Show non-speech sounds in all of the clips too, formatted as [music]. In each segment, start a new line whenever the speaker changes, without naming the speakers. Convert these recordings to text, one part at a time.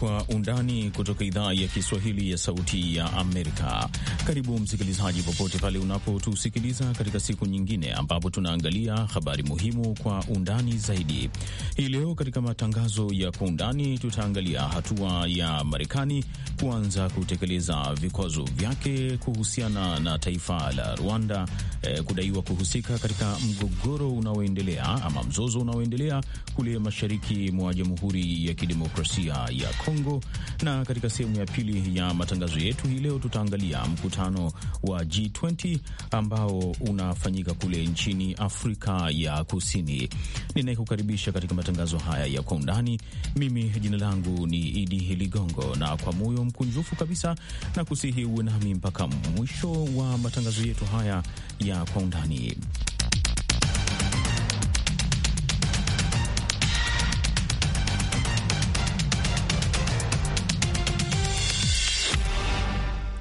kwa undani kutoka idhaa ya Kiswahili ya Sauti ya Amerika. Karibu msikilizaji, popote pale unapotusikiliza katika siku nyingine ambapo tunaangalia habari muhimu kwa undani zaidi. Hii leo katika matangazo ya kwa undani, tutaangalia hatua ya Marekani kuanza kutekeleza vikwazo vyake kuhusiana na taifa la Rwanda eh, kudaiwa kuhusika katika mgogoro unaoendelea ama mzozo unaoendelea kule mashariki mwa Jamhuri ya Kidemokrasia ya Kongo, na katika sehemu ya pili ya matangazo yetu hii leo tutaangalia mkutano wa G20 ambao unafanyika kule nchini Afrika ya Kusini. Ninayekukaribisha katika matangazo haya ya kwa undani, mimi jina langu ni Idi Ligongo, na kwa moyo mkunjufu kabisa na kusihi uwe nami mpaka mwisho wa matangazo yetu haya ya kwa undani.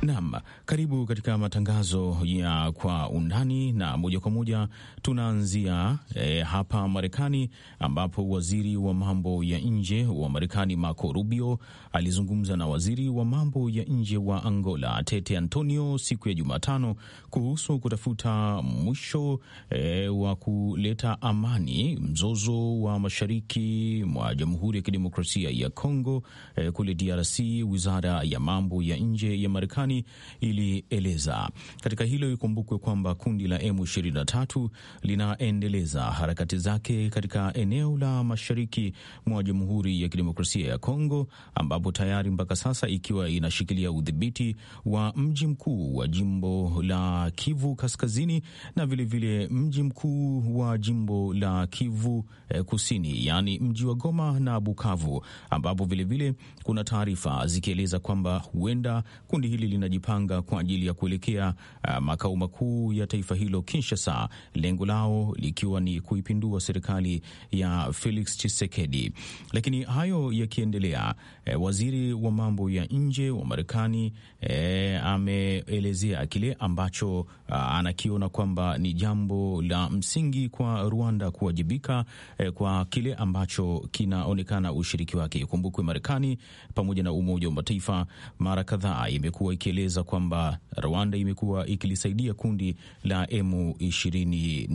Naam, karibu katika matangazo ya kwa undani na moja kwa moja tunaanzia e, hapa Marekani ambapo waziri wa mambo ya nje wa Marekani Marco Rubio alizungumza na waziri wa mambo ya nje wa Angola Tete Antonio siku ya Jumatano kuhusu kutafuta mwisho e, wa kuleta amani mzozo wa mashariki mwa Jamhuri ya Kidemokrasia ya Kongo e, kule DRC. Wizara ya mambo ya nje ya Marekani Marekani ilieleza. Katika hilo, ikumbukwe kwamba kundi la M23 linaendeleza harakati zake katika eneo la mashariki mwa Jamhuri ya Kidemokrasia ya Kongo, ambapo tayari mpaka sasa ikiwa inashikilia udhibiti wa mji mkuu wa jimbo la Kivu Kaskazini na vilevile mji mkuu wa jimbo la Kivu eh, Kusini, yaani mji wa Goma na Bukavu, ambapo vilevile kuna taarifa zikieleza kwamba huenda kundi hili lina wanajipanga kwa ajili ya kuelekea uh, makao makuu ya taifa hilo Kinshasa, lengo lao likiwa ni kuipindua serikali ya Felix Tshisekedi. Lakini hayo yakiendelea, e, waziri wa mambo ya nje wa Marekani e, ameelezea kile ambacho a, uh, anakiona kwamba ni jambo la msingi kwa Rwanda kuwajibika e, kwa kile ambacho kinaonekana ushiriki wake. Ikumbukwe Marekani pamoja na Umoja wa Mataifa mara kadhaa imekuwa ikieleza kwamba Rwanda imekuwa ikilisaidia kundi la M ishirini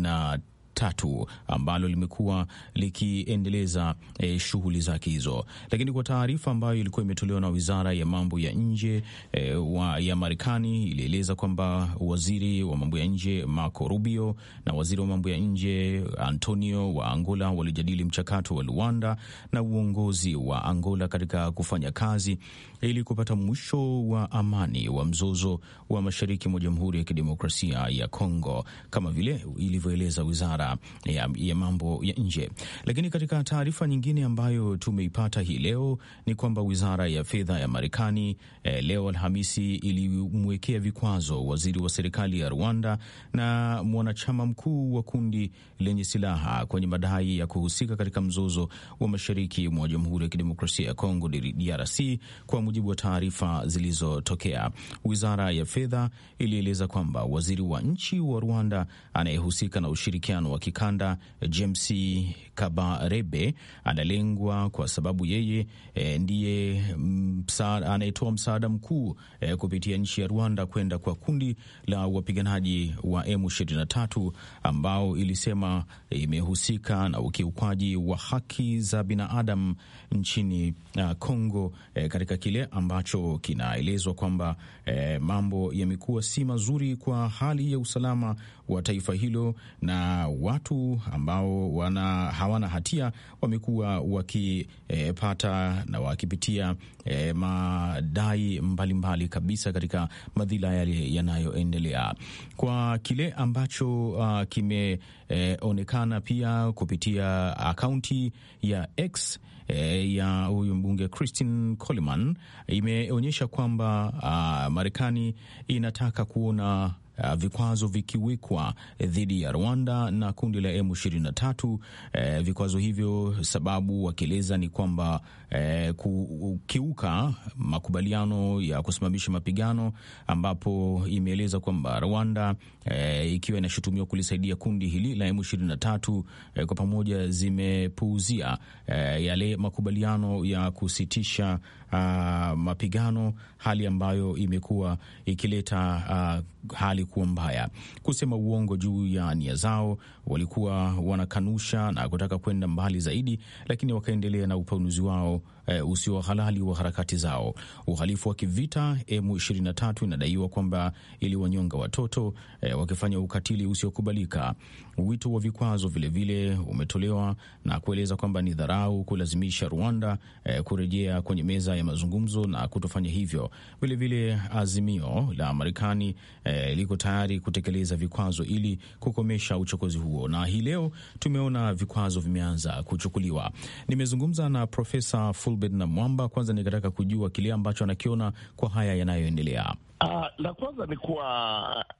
tatu ambalo limekuwa likiendeleza e, shughuli zake hizo. Lakini kwa taarifa ambayo ilikuwa imetolewa na wizara ya mambo ya nje e, wa, ya Marekani ilieleza kwamba waziri wa mambo ya nje Marco Rubio na waziri wa mambo ya nje Antonio wa Angola walijadili mchakato wa Luanda na uongozi wa Angola katika kufanya kazi ili kupata mwisho wa amani wa mzozo wa mashariki mwa Jamhuri ya Kidemokrasia ya Kongo kama vile ilivyoeleza wizara ya, ya mambo ya nje. Lakini katika taarifa nyingine ambayo tumeipata hii leo ni kwamba wizara ya fedha ya Marekani eh, leo Alhamisi ilimwekea vikwazo waziri wa serikali ya Rwanda na mwanachama mkuu wa kundi lenye silaha kwenye madai ya kuhusika katika mzozo wa mashariki mwa Jamhuri ya Kidemokrasia ya Kongo DRC, kwa mujibu wa taarifa zilizotokea. Wizara ya fedha ilieleza kwamba waziri wa nchi wa Rwanda anayehusika na ushirikiano wa kikanda James Kabarebe analengwa kwa sababu yeye e, ndiye msa, anayetoa msaada mkuu e, kupitia nchi ya Rwanda kwenda kwa kundi la wapiganaji wa M23 ambao ilisema imehusika na ukiukwaji wa haki za binadamu nchini Kongo eh, e, katika kile ambacho kinaelezwa kwamba e, mambo yamekuwa si mazuri kwa hali ya usalama wa taifa hilo na watu ambao wana hawana hatia wamekuwa wakipata e, na wakipitia e, madai mbalimbali mbali kabisa katika madhila yale yanayoendelea kwa kile ambacho uh, kimeonekana e, pia kupitia akaunti ya X e, ya huyu mbunge Christine Coleman imeonyesha kwamba uh, Marekani inataka kuona Eh, vikwazo vikiwekwa dhidi ya Rwanda na kundi la M23. Uh, eh, vikwazo hivyo sababu wakieleza ni kwamba eh, kukiuka makubaliano ya kusimamisha mapigano, ambapo imeeleza kwamba Rwanda ikiwa inashutumiwa kulisaidia kundi hili la M23, kwa pamoja zimepuuzia yale makubaliano ya kusitisha uh, mapigano, hali ambayo imekuwa ikileta uh, hali kuwa mbaya. Kusema uongo juu ya nia zao, walikuwa wanakanusha na kutaka kwenda mbali zaidi, lakini wakaendelea na upanuzi wao eh, usio halali wa harakati zao. Uhalifu wa kivita M23 inadaiwa kwamba iliwanyonga watoto eh, wakifanya ukatili usiokubalika. Wito wa vikwazo vilevile umetolewa na kueleza kwamba ni dharau kulazimisha Rwanda eh, kurejea kwenye meza ya mazungumzo na kutofanya hivyo. Vilevile azimio la Marekani eh, liko tayari kutekeleza vikwazo ili kukomesha uchokozi huo, na hii leo tumeona vikwazo vimeanza kuchukuliwa. Nimezungumza na Profesa Fulbert na Mwamba, kwanza nikataka kujua kile ambacho anakiona kwa haya yanayoendelea.
Uh, la kwanza ni kuwa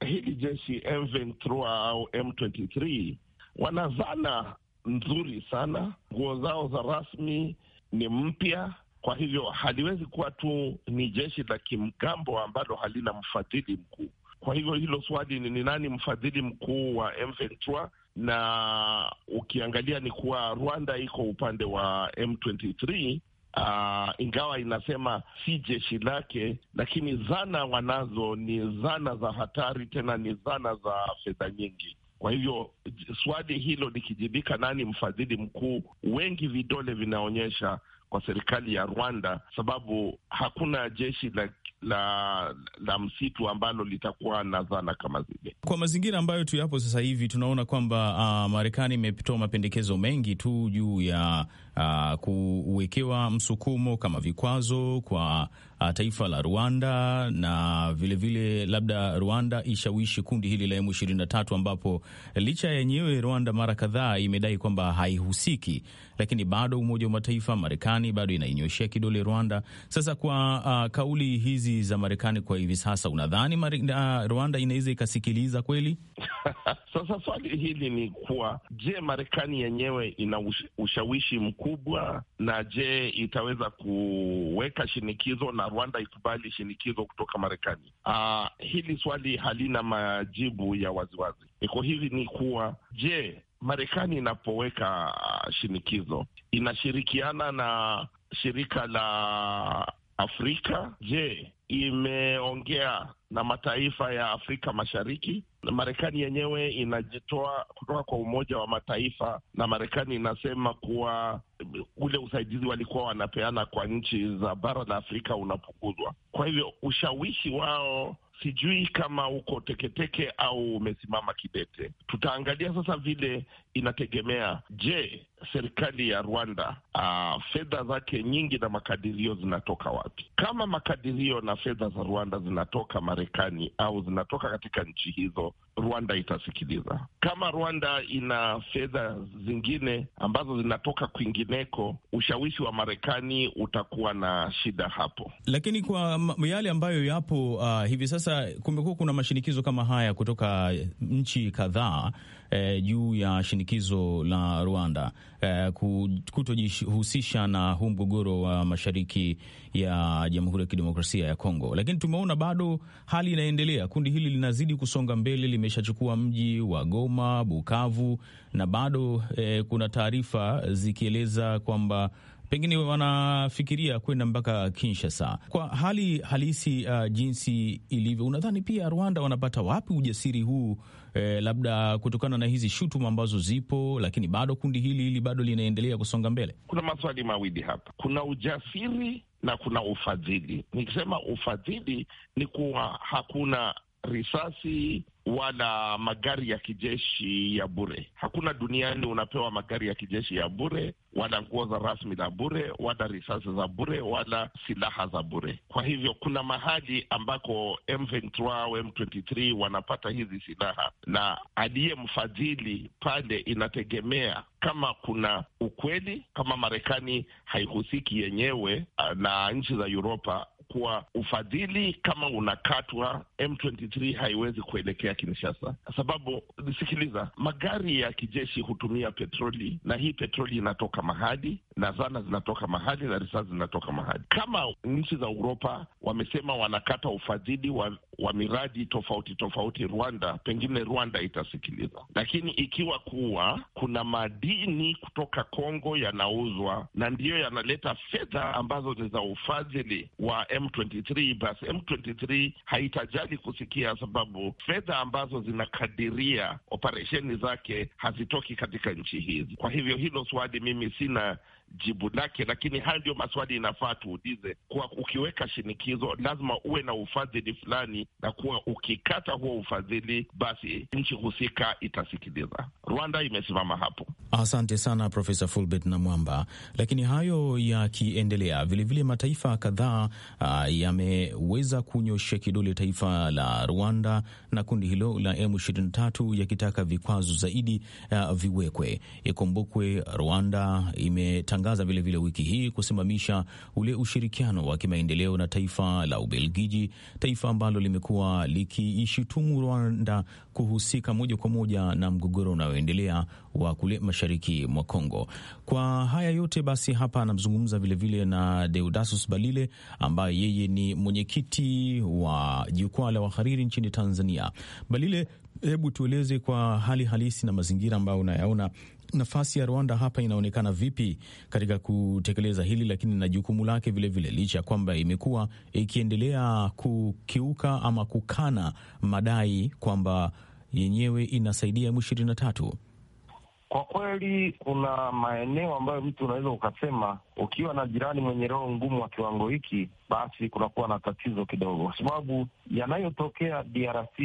ah, hili jeshi M23 au M23 wana zana nzuri sana, nguo zao za rasmi ni mpya kwa hivyo haliwezi kuwa tu ni jeshi la kimgambo ambalo halina mfadhili mkuu. Kwa hivyo hilo swali ni, ni nani mfadhili mkuu wa M23? Na ukiangalia ni kuwa Rwanda iko upande wa M23, uh, ingawa inasema si jeshi lake, lakini zana wanazo ni zana za hatari, tena ni zana za fedha nyingi. Kwa hivyo swali hilo likijibika, nani mfadhili mkuu, wengi vidole vinaonyesha kwa serikali ya Rwanda, sababu hakuna jeshi la la la msitu ambalo litakuwa na dhana kama zile.
Kwa mazingira ambayo tu yapo sasa hivi, tunaona kwamba uh, Marekani imetoa mapendekezo mengi tu juu ya uh, kuwekewa msukumo kama vikwazo kwa Uh, taifa la Rwanda na vilevile vile labda Rwanda ishawishi kundi hili la M23, ambapo licha yenyewe Rwanda mara kadhaa imedai kwamba haihusiki, lakini bado Umoja wa Mataifa, Marekani bado inainyoshea kidole Rwanda. Sasa kwa uh, kauli hizi za Marekani kwa hivi sasa, unadhani uh, Rwanda inaweza ikasikiliza kweli?
[laughs] Sasa swali hili ni
kuwa, je, Marekani yenyewe ina ushawishi mkubwa, na je itaweza kuweka shinikizo na Rwanda ikubali shinikizo kutoka Marekani? Uh, hili swali halina majibu ya waziwazi. Iko hivi ni kuwa, je, Marekani inapoweka ah, shinikizo inashirikiana na shirika la Afrika? Je, imeongea na mataifa ya Afrika Mashariki na Marekani yenyewe inajitoa kutoka kwa Umoja wa Mataifa, na Marekani inasema kuwa ule usaidizi walikuwa wanapeana kwa nchi za bara la Afrika unapunguzwa. Kwa hivyo ushawishi wao sijui kama uko teketeke au umesimama kidete. Tutaangalia sasa vile inategemea, je, serikali ya Rwanda uh, fedha zake nyingi na makadirio zinatoka wapi? Kama makadirio na fedha za Rwanda zinatoka Marekani au zinatoka katika nchi hizo Rwanda itasikiliza. Kama Rwanda ina fedha zingine ambazo zinatoka kwingineko, ushawishi wa Marekani utakuwa na shida hapo.
Lakini kwa yale ambayo yapo uh, hivi sasa, kumekuwa kuna mashinikizo kama haya kutoka nchi kadhaa eh, juu ya shinikizo la Rwanda eh, kutojihusisha na huu mgogoro wa mashariki ya Jamhuri ya Kidemokrasia ya Kongo, lakini tumeona bado hali inaendelea. Kundi hili linazidi kusonga mbele, limeshachukua mji wa Goma, Bukavu na bado eh, kuna taarifa zikieleza kwamba pengine wanafikiria kwenda mpaka Kinshasa. Kwa hali halisi uh, jinsi ilivyo, unadhani pia Rwanda wanapata wapi ujasiri huu eh, labda kutokana na hizi shutuma ambazo zipo, lakini bado kundi hili hili bado linaendelea kusonga mbele? Kuna maswali mawili hapa, kuna ujasiri na kuna ufadhili. Nikisema ufadhili ni kuwa
hakuna risasi wala magari ya kijeshi ya bure. Hakuna duniani unapewa magari ya kijeshi ya bure, wala nguo za rasmi za bure, wala risasi za bure, wala silaha za bure. Kwa hivyo kuna mahali ambako M23 au M23 wanapata hizi silaha, na aliyemfadhili pale inategemea kama kuna ukweli, kama Marekani haihusiki yenyewe ah, na nchi za Uropa kuwa ufadhili kama unakatwa, M23 haiwezi kuelekea Kinshasa, sababu nisikiliza, magari ya kijeshi hutumia petroli, na hii petroli inatoka mahali na zana zinatoka mahali na risasi zinatoka mahali. Kama nchi za Uropa wamesema wanakata ufadhili wa wa miradi tofauti tofauti Rwanda, pengine Rwanda itasikiliza. Lakini ikiwa kuwa kuna madini kutoka Kongo yanauzwa na ndiyo yanaleta fedha ambazo ni za ufadhili wa M23, basi M23 haitajali kusikia, sababu fedha ambazo zinakadiria operesheni zake hazitoki katika nchi hizi. Kwa hivyo hilo swali mimi sina jibu lake, lakini hayo ndio maswali inafaa tuulize. kuwa ukiweka shinikizo, lazima uwe na ufadhili fulani, na kuwa ukikata huo ufadhili, basi nchi husika itasikiliza. Rwanda imesimama hapo.
Asante sana Profesa Fulbert na Mwamba. Lakini hayo yakiendelea, vilevile mataifa kadhaa uh, yameweza kunyosha kidole taifa la Rwanda na kundi hilo la M23 yakitaka vikwazo zaidi a, uh, viwekwe. Ikumbukwe Rwanda imetangaza imetangaza vilevile wiki hii kusimamisha ule ushirikiano wa kimaendeleo na taifa la Ubelgiji, taifa ambalo limekuwa likiishutumu Rwanda kuhusika moja kwa moja na mgogoro unaoendelea wa kule mashariki mwa Kongo. Kwa haya yote basi, hapa anamzungumza vilevile na deudasus Balile ambaye yeye ni mwenyekiti wa jukwaa la wahariri nchini Tanzania. Balile, hebu tueleze kwa hali halisi na mazingira ambayo unayaona nafasi ya Rwanda hapa inaonekana vipi katika kutekeleza hili, lakini na jukumu lake vilevile, licha ya kwamba imekuwa ikiendelea kukiuka ama kukana madai kwamba yenyewe inasaidia M23?
Kwa kweli kuna maeneo ambayo mtu unaweza ukasema ukiwa na jirani mwenye roho ngumu wa kiwango hiki, basi kunakuwa na tatizo kidogo, kwa sababu yanayotokea DRC,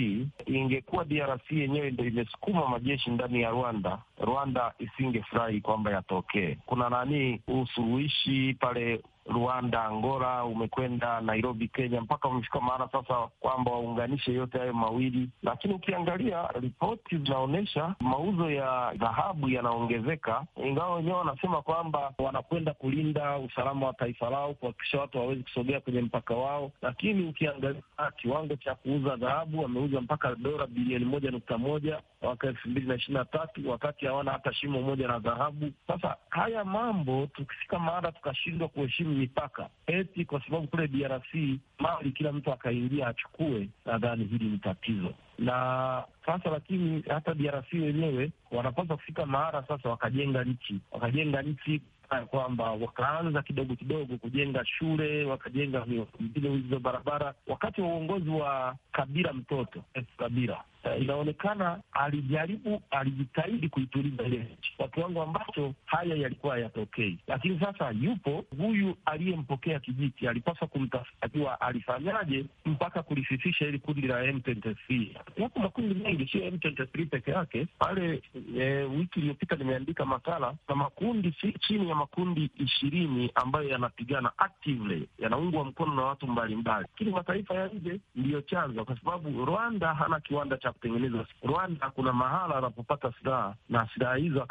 ingekuwa DRC yenyewe ndo imesukuma majeshi ndani ya Rwanda, Rwanda isingefurahi kwamba yatokee. Kuna nani usuluhishi pale Rwanda, Angola, umekwenda Nairobi, Kenya, mpaka wamefika mahala sasa kwamba waunganishe yote hayo mawili. Lakini ukiangalia ripoti zinaonyesha mauzo ya dhahabu yanaongezeka, ingawa wenyewe wanasema kwamba wanakwenda kulia kulinda usalama wa taifa lao, kuhakikisha watu hawawezi kusogea kwenye mpaka wao. Lakini ukiangalia kiwango cha kuuza dhahabu, wameuza mpaka dola bilioni moja nukta moja mwaka elfu mbili na ishirini na tatu wakati hawana hata shimo moja la dhahabu. Sasa haya mambo tukifika mahala tukashindwa kuheshimu mipaka eti kwa sababu kule DRC mali kila mtu akaingia achukue, nadhani hili ni tatizo na sasa lakini hata DRC wenyewe wanapaswa kufika mahara sasa, wakajenga nchi, wakajenga nchi ya kwamba wakaanza kidogo kidogo kujenga shule, wakajenga miundombinu hizo barabara, wakati wa uongozi wa Kabila mtoto Kabila uh, inaonekana alijaribu, alijitahidi kuituliza ile nchi kwa kiwango ambacho haya yalikuwa yatokei, lakini sasa yupo huyu aliyempokea kijiti, alipaswa kumtafutajua alifanyaje mpaka kulififisha ili kundi la M23. Yapo makundi mengi, sio M23 peke yake. Pale e, wiki iliyopita nimeandika makala na makundi si chini ya makundi ishirini ambayo yanapigana actively, yanaungwa mkono na watu mbalimbali, lakini mataifa ya nje ndiyo chanzo, kwa sababu Rwanda hana kiwanda cha cha kutengeneza Rwanda, kuna mahala anapopata silaha na silaha hizo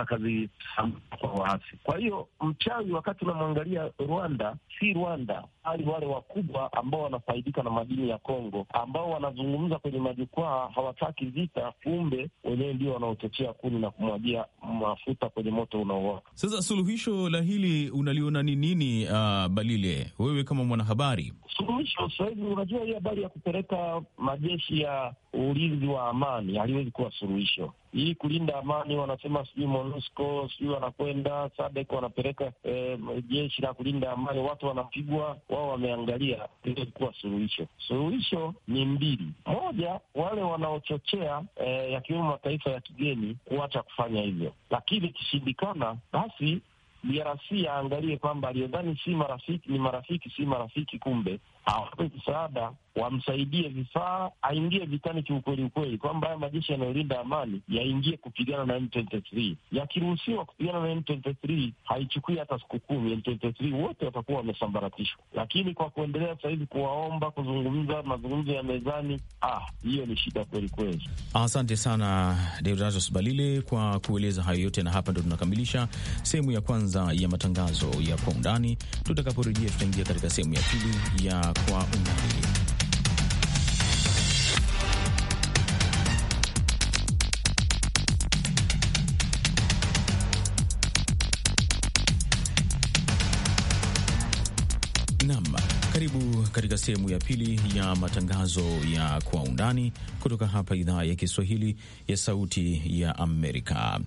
akazisambaa kwa waasi. Kwa hiyo mchawi, wakati unamwangalia Rwanda, si Rwanda bali wale wakubwa ambao wanafaidika na madini ya Kongo, ambao wanazungumza kwenye majukwaa, hawataki vita, kumbe wenyewe ndio wanaochochea kuni na kumwagia mafuta kwenye moto unaowaka.
Sasa suluhisho la hili unaliona ni nini? Uh, Balile, wewe kama mwanahabari,
suluhisho sahizi, unajua hii habari ya kupeleka majeshi ya uli mlinzi wa amani, haliwezi kuwa suluhisho. Hii kulinda amani wanasema sijui MONUSCO sijui wanakwenda SADC wanapeleka eh, jeshi la kulinda amani, watu wanapigwa, wao wameangalia. Haliwezi kuwa suluhisho. Suluhisho ni mbili, moja, wale wanaochochea eh, yakiwemo mataifa ya kigeni kuacha kufanya hivyo, lakini ikishindikana, basi DRC aangalie kwamba aliyodhani si marafiki ni marafiki, si marafiki, kumbe awape msaada wamsaidie vifaa, aingie vitani kiukweli ukweli, kwamba haya majeshi yanayolinda amani yaingie kupigana na M23. Yakiruhusiwa kupigana na M23, haichukui hata siku kumi, M23 wote watakuwa wamesambaratishwa. Lakini kwa kuendelea sasa hivi kuwaomba kuzungumza mazungumzo ya mezani, ah, hiyo ni shida kweli kweli.
Asante sana Deodatus Balile kwa kueleza hayo yote, na hapa ndo tunakamilisha sehemu ya kwanza ya matangazo ya kwa undani. Tutakaporejea tutaingia katika sehemu ya pili ya kwa undani. katika sehemu ya pili ya matangazo ya kwa undani kutoka hapa idhaa ya Kiswahili ya Sauti ya Amerika.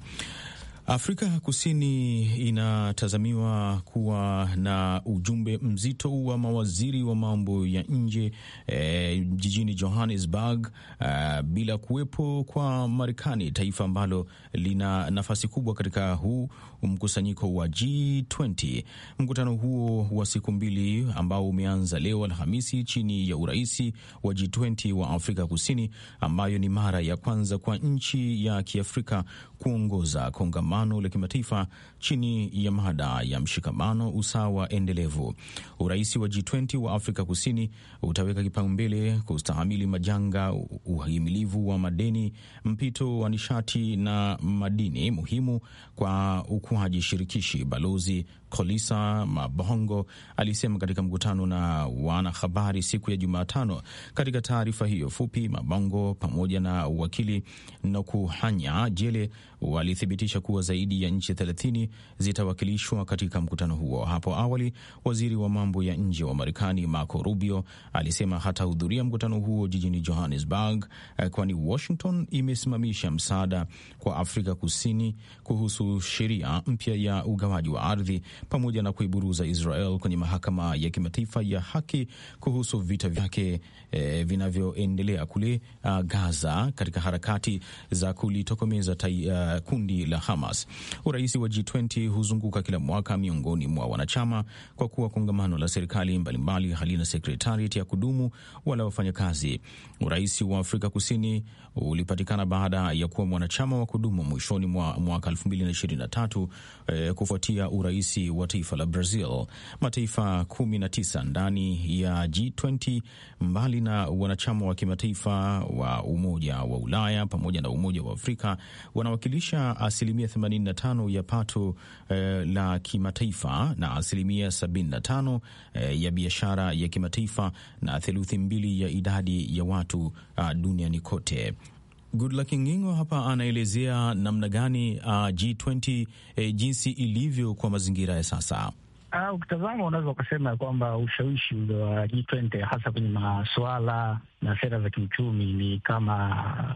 Afrika Kusini inatazamiwa kuwa na ujumbe mzito wa mawaziri wa mambo ya nje e, jijini Johannesburg eh, bila kuwepo kwa Marekani, taifa ambalo lina nafasi kubwa katika huu mkusanyiko wa G20. Mkutano huo wa siku mbili ambao umeanza leo Alhamisi chini ya uraisi wa G20 wa Afrika Kusini, ambayo ni mara ya kwanza kwa nchi ya Kiafrika kuongoza kongamano kongamano la kimataifa chini ya mada ya mshikamano, usawa endelevu. Urais wa G20 wa Afrika Kusini utaweka kipaumbele kustahamili majanga, uhimilivu wa madeni, mpito wa nishati na madini muhimu kwa ukuaji shirikishi. Balozi Kolisa Mabongo alisema katika mkutano na wanahabari siku ya Jumatano. Katika taarifa hiyo fupi, Mabongo pamoja na wakili Nokuhanya Jele walithibitisha kuwa zaidi ya nchi 30 zitawakilishwa katika mkutano huo. Hapo awali, waziri wa mambo ya nje wa Marekani Marco Rubio alisema hatahudhuria mkutano huo jijini Johannesburg, eh, kwani Washington imesimamisha msaada kwa Afrika Kusini kuhusu sheria mpya ya ugawaji wa ardhi pamoja na kuiburuza Israel kwenye mahakama ya kimataifa ya haki kuhusu vita vyake e, vinavyoendelea kule uh, Gaza katika harakati za kulitokomeza uh, kundi la Hamas. Urais wa G20 huzunguka kila mwaka miongoni mwa wanachama, kwa kuwa kongamano la serikali mbalimbali halina sekretariat ya kudumu wala wafanyakazi. Urais wa Afrika Kusini ulipatikana baada ya kuwa mwanachama wa kudumu mwishoni mwa mwaka 2023 e, eh, kufuatia urais wa taifa la Brazil. Mataifa 19 ndani ya G20 mbali na wanachama wa kimataifa wa Umoja wa Ulaya pamoja na Umoja wa Afrika wanawakilisha asilimia 85 ya pato eh, la kimataifa na asilimia 75 eh, ya biashara ya kimataifa na theluthi mbili ya idadi ya watu ah, duniani kote. Goodluck Ngingo hapa anaelezea namna gani uh, G20 eh, jinsi ilivyo kwa mazingira ya sasa.
Ah, ukitazama
uh, unaweza ukasema kwamba ushawishi wa G20 hasa kwenye masuala na sera za kiuchumi ni kama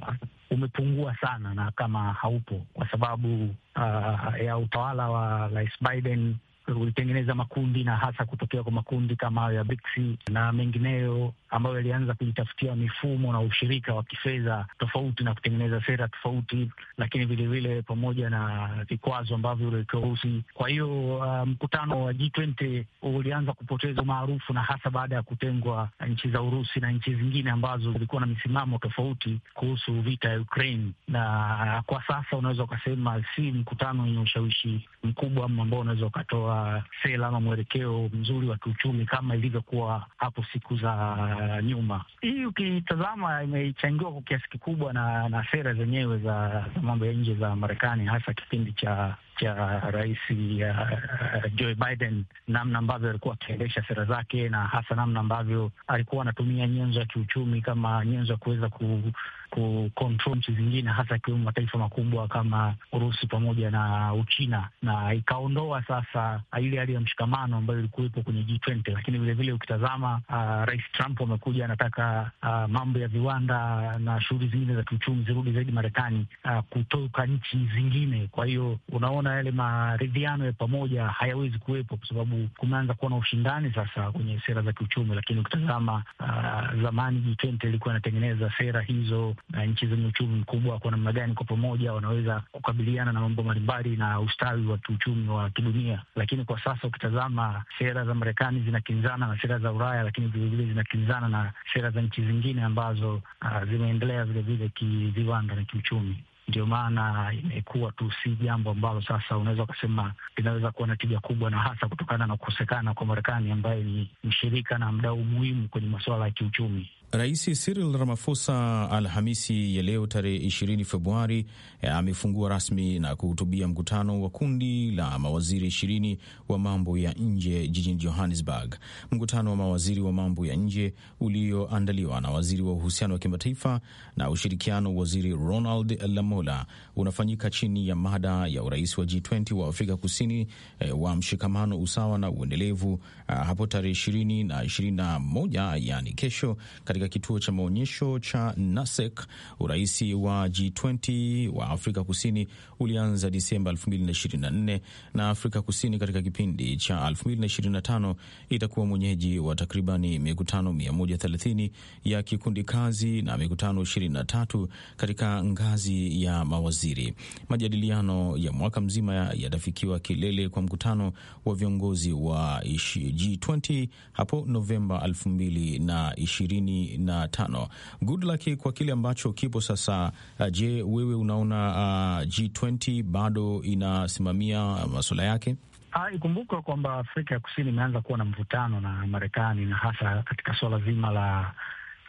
uh, umepungua sana na kama haupo kwa sababu uh, ya utawala wa Rais Biden kutengeneza makundi na hasa kutokea kwa makundi kama hayo ya BRICS na mengineyo ambayo yalianza kujitafutia mifumo na ushirika wa kifedha tofauti na kutengeneza sera tofauti, lakini vilevile pamoja na vikwazo ambavyo uliwekewa Urusi. Kwa hiyo uh, mkutano wa G20 ulianza kupoteza umaarufu na hasa baada ya kutengwa nchi za Urusi na nchi zingine ambazo zilikuwa na misimamo tofauti kuhusu vita ya Ukraine, na kwa sasa unaweza ukasema si mkutano wenye ushawishi mkubwa ambao unaweza ukatoa sera ama mwelekeo mzuri wa kiuchumi kama ilivyokuwa hapo siku za uh, nyuma. Hii ukitazama imechangiwa kwa kiasi kikubwa na, na sera zenyewe za, za mambo ya nje za Marekani hasa kipindi cha cha Rais uh, Joe Biden, namna ambavyo alikuwa akiendesha sera zake na hasa namna ambavyo alikuwa anatumia nyenzo ya kiuchumi kama nyenzo ya kuweza ku kucontrol nchi zingine hasa akiwemo mataifa makubwa kama Urusi pamoja na Uchina, na ikaondoa sasa ile hali ya mshikamano ambayo ilikuwepo kwenye G20. Lakini vilevile ukitazama, uh, Rais Trump amekuja anataka uh, mambo ya viwanda na shughuli zingine za kiuchumi zirudi zaidi Marekani, uh, kutoka nchi zingine. Kwa hiyo unaona hakuna yale maridhiano ya pamoja, hayawezi kuwepo kwa sababu kumeanza kuwa na ushindani sasa kwenye sera za kiuchumi. Lakini ukitazama uh, zamani G20 ilikuwa inatengeneza sera hizo na nchi zenye uchumi mkubwa kwa namna gani kwa pamoja wanaweza kukabiliana na mambo mbalimbali na ustawi wa kiuchumi wa kidunia. Lakini kwa sasa ukitazama sera za Marekani zinakinzana na sera za Ulaya, lakini vilevile zinakinzana na sera za nchi zingine ambazo uh, zimeendelea vilevile kiviwanda na kiuchumi. Ndio maana imekuwa tu si jambo ambalo sasa unaweza ukasema linaweza kuwa na tija kubwa, na hasa kutokana na kukosekana kwa Marekani ambaye ni mshirika na mdau muhimu kwenye masuala ya kiuchumi.
Rais Cyril Ramaphosa Alhamisi ya leo tarehe 20 Februari e, amefungua rasmi na kuhutubia mkutano wa kundi la mawaziri ishirini wa mambo ya nje jijini Johannesburg. Mkutano wa mawaziri wa mambo ya nje ulioandaliwa na waziri wa uhusiano wa kimataifa na ushirikiano, Waziri Ronald Lamola, unafanyika chini ya mada ya urais wa G20 wa Afrika Kusini e, wa mshikamano, usawa na uendelevu, hapo tarehe 20 na 21, yani kesho katika katika kituo cha maonyesho cha Nasek. Urais wa G20 wa Afrika Kusini ulianza Disemba 2024 na Afrika Kusini katika kipindi cha 2025 itakuwa mwenyeji wa takribani mikutano 130 ya kikundi kazi na mikutano 23 katika ngazi ya mawaziri. Majadiliano ya mwaka mzima yatafikiwa kilele kwa mkutano wa viongozi wa G20 hapo Novemba 2020 na tano. Good luck kwa kile ambacho kipo sasa. Uh, je, wewe unaona uh, G20 bado inasimamia masuala yake? Ah, Ikumbukwe kwamba Afrika ya Kusini imeanza
kuwa na mvutano na Marekani na hasa katika suala zima la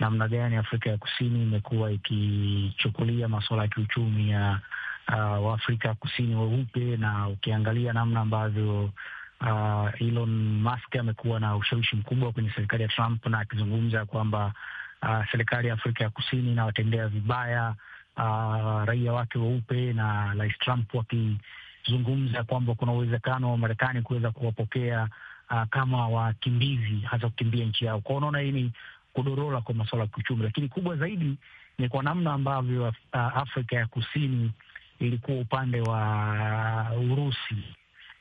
namna gani Afrika ya Kusini imekuwa ikichukulia masuala ya kiuchumi ya uh, Waafrika Kusini weupe, na ukiangalia namna ambavyo uh, Elon Musk amekuwa na ushawishi mkubwa kwenye serikali ya Trump na akizungumza kwamba uh, serikali ya Afrika ya Kusini inawatendea vibaya uh, raia wake weupe na Rais Trump wakizungumza kwamba kuna uwezekano wa Marekani kuweza kuwapokea uh, kama wakimbizi hasa kukimbia nchi yao kwao. Unaona, hii ni kudorora kwa masuala ya kiuchumi, lakini kubwa zaidi ni kwa namna ambavyo Afrika ya Kusini ilikuwa upande wa Urusi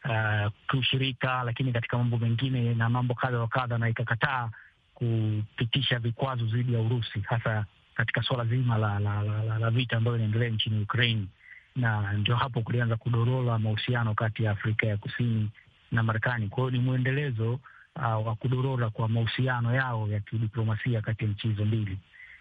uh, eh, kiushirika, lakini katika mambo mengine na mambo kadha wa kadha, na ikakataa kupitisha vikwazo dhidi ya Urusi, hasa katika suala zima la, la, la, la, la vita ambayo inaendelea nchini Ukraine, na ndio hapo kulianza kudorora mahusiano kati ya Afrika ya Kusini na Marekani. Kwa hiyo ni mwendelezo uh, wa kudorora kwa mahusiano yao ya kidiplomasia kati ya nchi hizo mbili,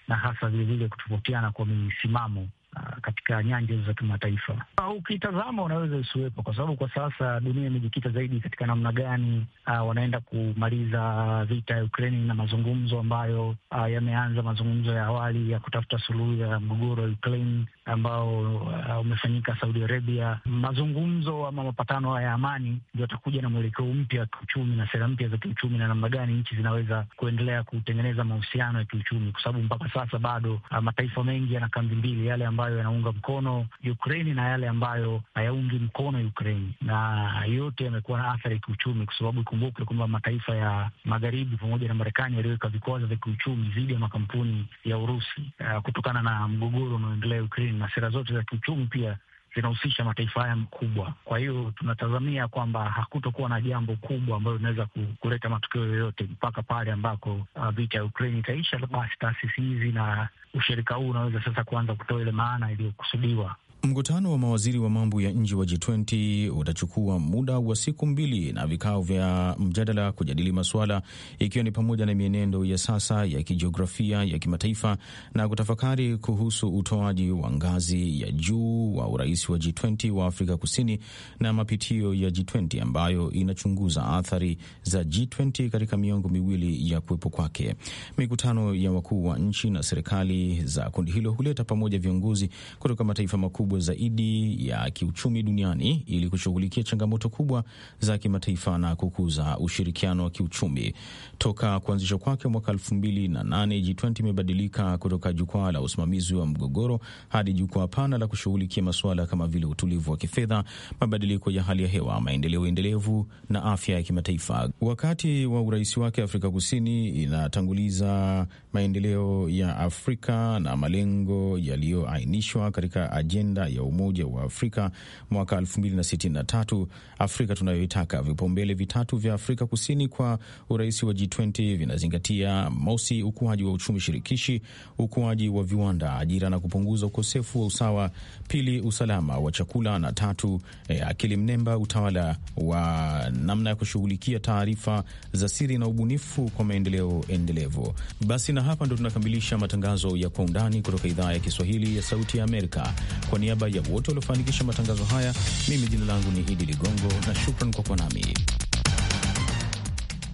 na hasa vilevile kutofautiana kwa misimamo Uh, katika nyanja za kimataifa. Uh, ukitazama unaweza usiwepo, kwa sababu kwa sasa dunia imejikita zaidi katika namna gani uh, wanaenda kumaliza vita ya Ukraini na mazungumzo ambayo uh, yameanza, mazungumzo ya awali ya kutafuta suluhu ya mgogoro wa Ukraini ambao uh, umefanyika Saudi Arabia. Mazungumzo ama mapatano ya amani ndio atakuja na mwelekeo mpya wa kiuchumi na sera mpya za kiuchumi na namna gani nchi zinaweza kuendelea kutengeneza mahusiano ya kiuchumi, kwa sababu mpaka sasa bado uh, mataifa mengi yana kambi mbili yale ambayo yanaunga mkono Ukraini na yale ambayo hayaungi mkono Ukraini, na yote yamekuwa na athari ya kiuchumi, kwa sababu ikumbuke kwamba mataifa ya magharibi pamoja na Marekani yaliyoweka vikwazo vya kiuchumi dhidi ya makampuni ya Urusi uh, kutokana na mgogoro unaoendelea Ukraini, na sera zote za kiuchumi pia zinahusisha mataifa haya makubwa. Kwa hiyo tunatazamia kwamba hakutokuwa na jambo kubwa ambayo inaweza kuleta
matokeo yoyote mpaka pale ambako uh, vita
ya Ukraine itaisha, basi taasisi hizi na ushirika huu unaweza sasa kuanza kutoa ile maana iliyokusudiwa
Mkutano wa mawaziri wa mambo ya nje wa G20 utachukua muda wa siku mbili na vikao vya mjadala kujadili masuala ikiwa ni pamoja na mienendo ya sasa ya kijiografia ya kimataifa na kutafakari kuhusu utoaji wa ngazi ya juu wa urais wa G20 wa Afrika Kusini na mapitio ya G20 ambayo inachunguza athari za G20 katika miongo miwili ya kuwepo kwake. Mikutano ya wakuu wa nchi na serikali za kundi hilo huleta pamoja viongozi kutoka mataifa makubwa kubwa zaidi ya kiuchumi duniani ili kushughulikia changamoto kubwa za kimataifa na kukuza ushirikiano wa kiuchumi. Toka kuanzishwa kwake mwaka elfu mbili na nane, G20 imebadilika kutoka jukwaa la usimamizi wa mgogoro hadi jukwaa pana la kushughulikia masuala kama vile utulivu wa kifedha, mabadiliko ya hali ya hewa, maendeleo endelevu na afya ya kimataifa. Wakati wa urais wake, Afrika Kusini inatanguliza maendeleo ya Afrika na malengo yaliyoainishwa katika ajenda ajenda ya Umoja wa Afrika mwaka 2063, Afrika tunayoitaka. Vipaumbele vitatu vya Afrika Kusini kwa urais wa G20 vinazingatia: mosi, ukuaji wa uchumi shirikishi, ukuaji wa viwanda, ajira na kupunguza ukosefu wa usawa; pili, usalama wa chakula; na tatu, eh, akili mnemba, utawala wa namna ya kushughulikia taarifa za siri na ubunifu kwa maendeleo endelevu. Basi na hapa ndo tunakamilisha matangazo ya Kwa Undani kutoka idhaa ya Kiswahili ya Sauti ya Amerika. Kwa ni niaba ya wote waliofanikisha matangazo haya, mimi jina langu ni Idi Ligongo na shukran kwa kuwa nami.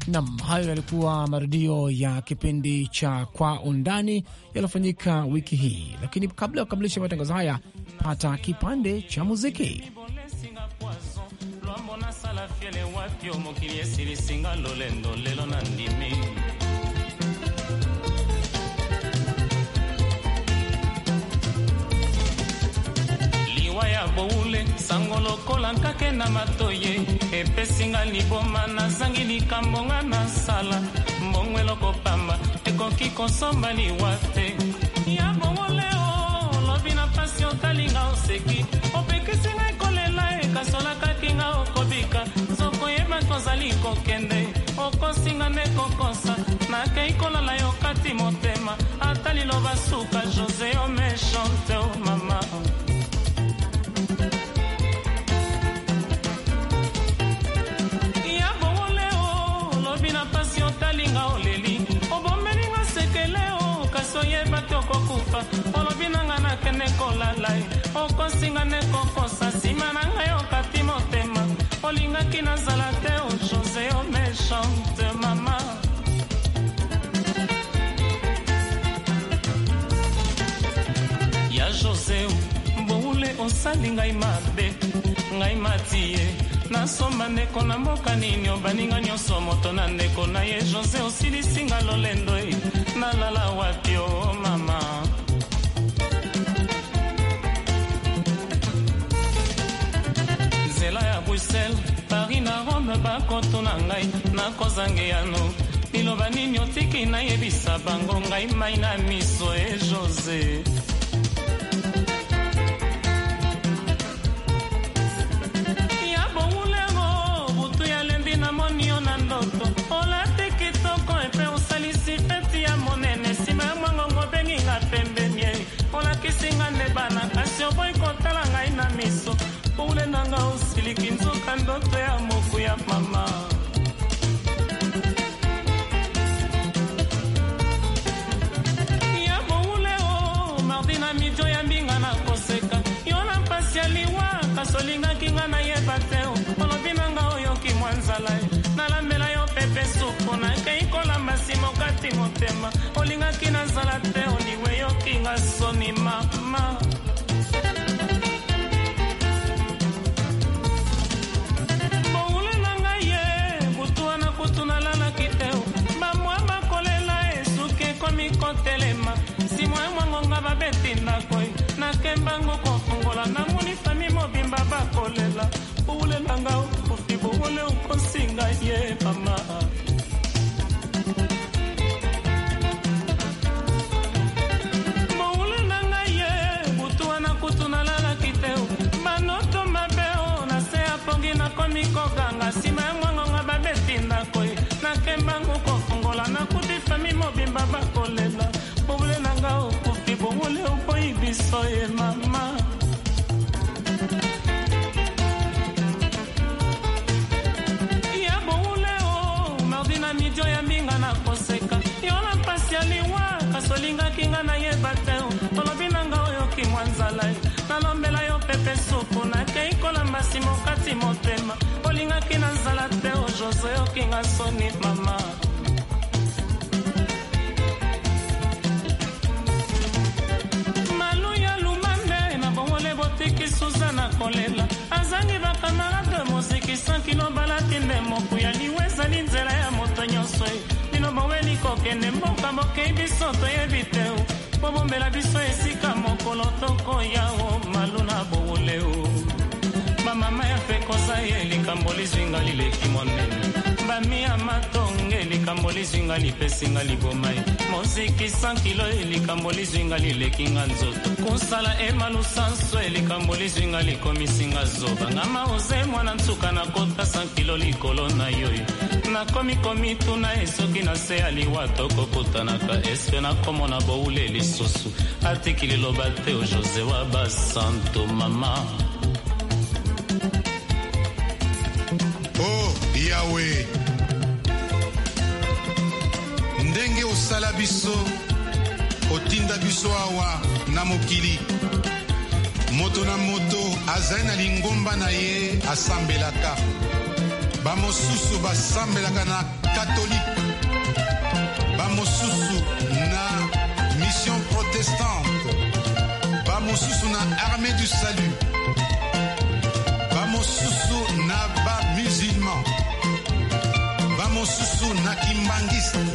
Nam, hayo yalikuwa marudio ya kipindi cha Kwa Undani yaliyofanyika wiki hii, lakini kabla ya kukamilisha matangazo haya, pata kipande cha muziki.
ya boule sango lokola nkake na matoye epesinga liboma nazangi likambo nga nasala mbongo eloko pamba ekoki kosomba liwa te ya bongole o lobi na mpasi otalinga oseki opekisinga ekolela nga okobika nzoko yeba tozali kokende okosinga nde kokosa nakei kolala yo kati motema ata liloba suka jose omechante o mama nekokosa nsima na ngai okati motema olingaki nazala te o jose o méchante mama ya joseu boule osali ngai mabe ngai matie nasomba ndeko na mboka nini obaninga nyonso moto na ndeko na ye jose osilisi nga lolendo e nalala wapi o oh, mama baninga bakoto na ngai nakozange yano liloba nini otiki nayebisa bango ngai mai na miso e jose epe ya monene bana kasi oboyi kotala ngai na miso Pule nanga osiliki nzoka ndoto ya mo motema olingaki nazala te oliweyokinga soni kotelema nsima emwangonga babeti ndakoi nakembango kofungola namoni fami mobimba bakolela boulelanga okofi bowole okosinga ye mama nakomi kokanga nsima ya makasi mokati motema olingaki na nzala te o jose okinga soni mama maluya lumambe mabongole botiki suzana kolela azangi bakamarade mozikisa kino balati nde mokuya liwe ezali nzela ya moto nyonso bino boweli kokende mboka bokei biso toyebi te bobombela biso esika mokolo tokoya o malu na bowoleo mama ya pekosa ye likambo lizinga lileki monene bamiya matonge likambo lizinga lipesinga liboma ye moziki sankilo ye likambo lizinga lilekinga nzoto kosala emalusanso ye likambo lizinga likomisinga zoba ngama oze mwana nsuka nakota sankilo likolo na yo ye nakomi komituna esoki na se ya liwa tokokutanaka espe nakomona boule lisusu atiki liloba te o josé wa basanto mama
du biso awa na mokili moto na moto azali lingomba na
ye asambelaka bamosusu basambelaka na katolike
bamosusu na mission protestante bamosusu na armée du salut bamosusu na bamusulman bamosusu na kimbangiste